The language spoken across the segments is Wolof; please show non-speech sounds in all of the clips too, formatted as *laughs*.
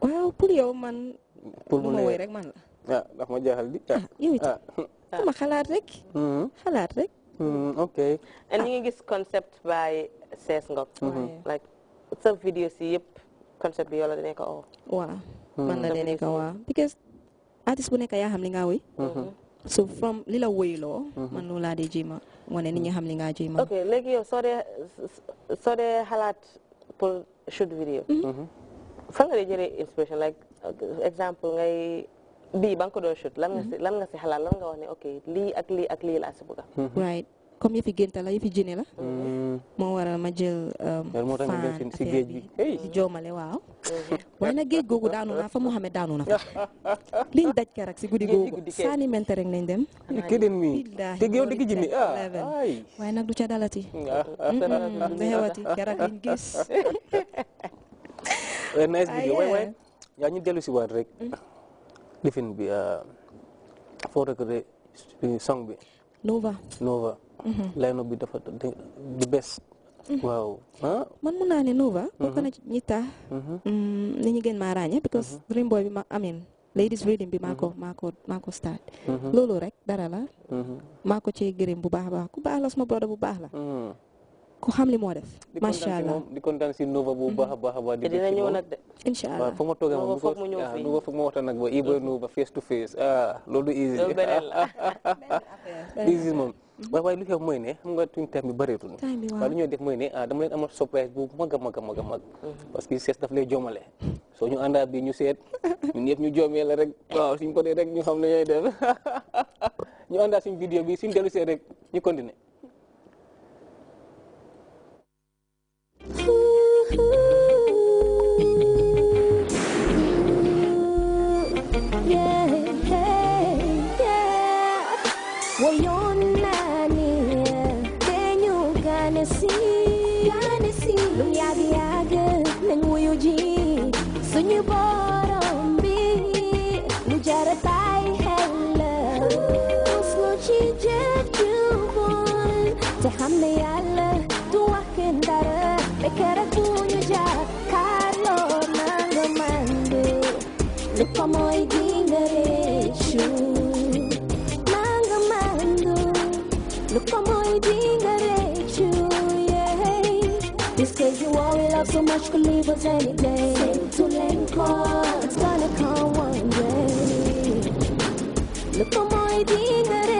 waaw oh, pour yow man. pour mu ne woy rek man la. ah ndax ah, yow ah. ma xalaat rek. Hmm. xalaat rek. Hmm, ok. and ñu ngi gis concept by Cess Ngom. Hmm. like sa si yëpp concept bi yow la dina ko oo. waaw man la dina because artiste bu nekk ya xam li nga woy. so from li la woyloo. man loolu laa dee jéema ni nit xam li nga jéema. ok léegi yow soo dee soo dee xalaat pour shoot vidéo. fan nga jëlé inspiration like example ngay bi bang ko do shoot lan nga si mm-hmm. lan nga si halal lan nga wax ni ok li ak li ak li la ci bëgga mm-hmm. right comme yëfi genta la yëfi jine la mm-hmm. mo waral ma jël um, fan si géej bi di joomale waaw way na geej gogu daanu na fa mohammed daanu na fa *laughs* liñ daj ka rek si gudi gogu sani mente rek nañ dem te yow jini ah way nak du ca dalati du *laughs* xewati kerak liñ gis *laughs* Euh, nice ah, video yaa ñu dellu si waat rek mm-hmm. lifin bi euh, foo rek song bi Nova Nova mm-hmm. line bi dafa di best mm-hmm. waaw ah. man mun naa ne Nova bokk na ci ñi tax ni mm, ñu gën maa because Dream Boy bi ma amin ladies reading bi maa ko start loolu rek dara la maa ci gërëm bu baax baax ku baax la suma brother bu baax la mm. ku xam li moo def. macha allah di kontaan si Nova bu baax a baax a baax. di dina ñëw nag de. incha allah waaw fa ma toogee moom foog mu ñëw ah, fii Nova foog ma waxtaan nag ba Iba Nova face to face ah loolu easy. *laughs* easy moom. waaw waaye lu xew mooy ne xam nga tuñ time bi waaye lu ñuy def mooy ne ah, dama leen amal surprise bu mag a mag a a mm-hmm. parce que sees daf lay joomale soo ñu àndaa bi ñu seet ñun ñëpp ñu joomee rek waaw suñ ko rek ñu xam ne ñooy def *laughs* ñu àndaa suñ vidéo bi suñ dellu seet rek ñu continuer Look for my dingerechu, yeah. This crazy war we love so much could leave us any day. Sing to Lincoln, it's gonna come one day. Look for my dingerechu.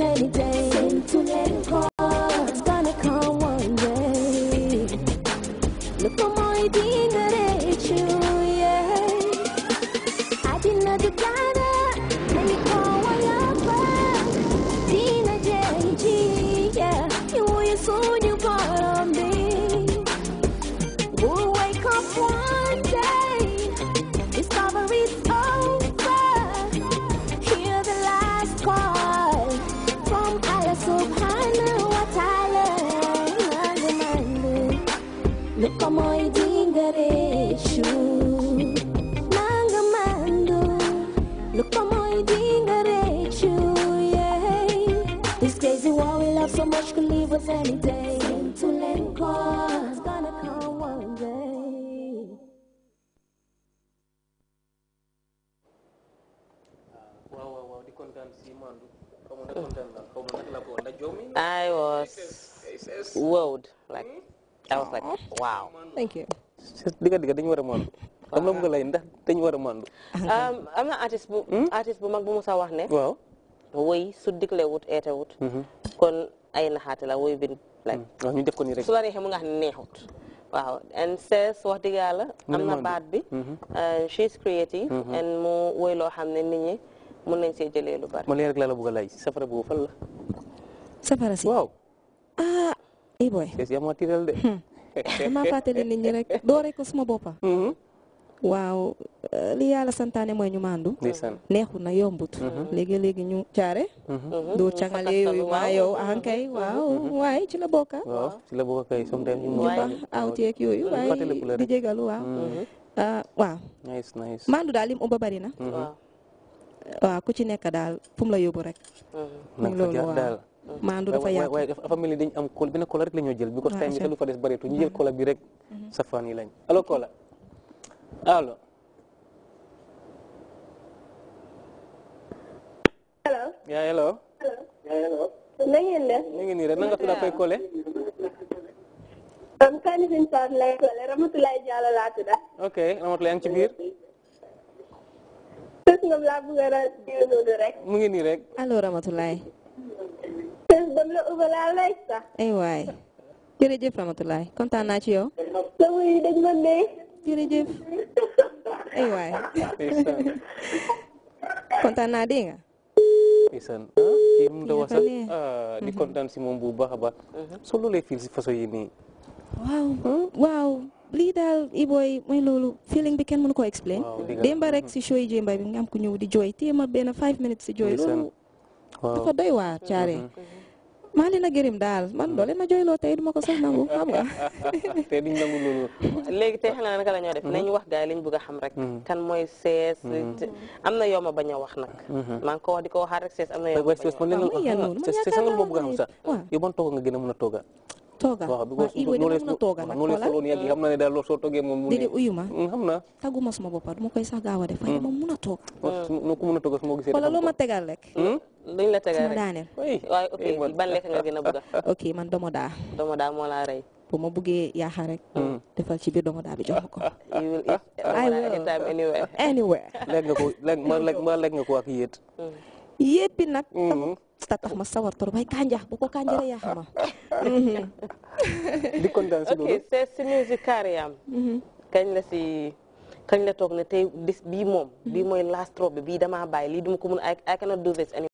any day. It's gonna come one day. Look for my eating that you. I was wowed. Like, I was like, wow. Thank you. am nga lay I dañ war a i am na artiste bu hmm? artiste bu mag bu Musa wax ne waaw woy I diglewut eetewut mm-hmm. kon ay naxaate la woy bin like mm. ñu def ko nii rek su la neexee mu nga xam ne neexut waaw and says wax dëgg i am na baat bi mm-hmm. uh, she's creative mm-hmm. and mu woy loo xam ne nit mën nañ rek laa la bëgg a laaj safara boobu fan la. safara si ah. i eh boy tiital de. Hmm. damaa fàttali ko suma boppa mm-hmm. waaw eh, li yàlla santaane mooy ñu maandu. neexu na yombut. Mm-hmm. léegi léegi ñu caare. Mm-hmm. doo cangale yooyu maa yow ankay waaw waaye ci la bokka. Ah. ci la bokka kay sometimes ñu baax awteeg yooyu waaye di jégalu waaw. Ah, waaw. daal lim umba bari waaw ah, ku ci nekk daal fu mu la yóbbu rek. mu mm. ngi loolu waaw maandu dafa yaatu waaye dafa dañu am benn rek la jël. bi ko ah, time bi lu fa des ñu jël kola bi rek. Mm-hmm. sa yi lañ allo kola allo. allo. yaa hello. Ya, ya, na ngeen def. na ngeen nii na nga tudd Faye Kole. kan suñu lay Diallo laa ok yaa ngi ci biir labu gara diwnudu rek mu ngi rek allo Ramatoulaye sës dam la ubala lay sax ay eh, waay jërëjëf Ramatoulaye kontaan naa ci yow sama yi dañ ma ne jërëjëf ay eh, waay kontaan naa dégg nga isan iya, kan ah, di mhm. kontaan si moom bu baax a si façon waaw waaw li dal i boy moy lolu feeling bi ken mënu ko explain demba rek ci show yi jémba bi nga am ko ñew di joy téye ma benn five minutes si jooy loolu dafa doy wa mhm. ciaré maa leen a gërëm man doo leen joy lo tay duma ko sax nangu *laughs* xam nga té duñ nangu lolu légui té xana naka la ñoo def hmm? nañ wax gaay liñ bëgg xam rek hmm. kan moy ses hmm. amna yoma baña wax nak maa ko wax diko wax rek ses amna yoma ses ses bañ a wax xam leen yu bon man nga gëna mëna toga tooga waaw iwe dama mën a tooga a xam na ne daal soo toogee moom déedéet uyu ma xam na tàgguma suma boppa du ma koy sax gaaw a def waaye dama a a ma tegal rek dañ la tegal rek suma daaneel waaye ok ban lekk nga gën a bëgg ok man domodaa domodaa moo laa rey bu ma buggee yaaxa rek defal ci biir domodaa bi jox ma ko I will anywhere lekk nga ko ak yéet hmm. yéet bi nag hmm. ta tax ma sawar trop ay kanja bu ko kanjare yaa xama ok c'est mm-hmm. si musique carrière am kañ la si kañ la toog ne tey bis bii moom bii mm-hmm. mooy last trop bii damaa bàyyi lii duma ko mun I cannot do this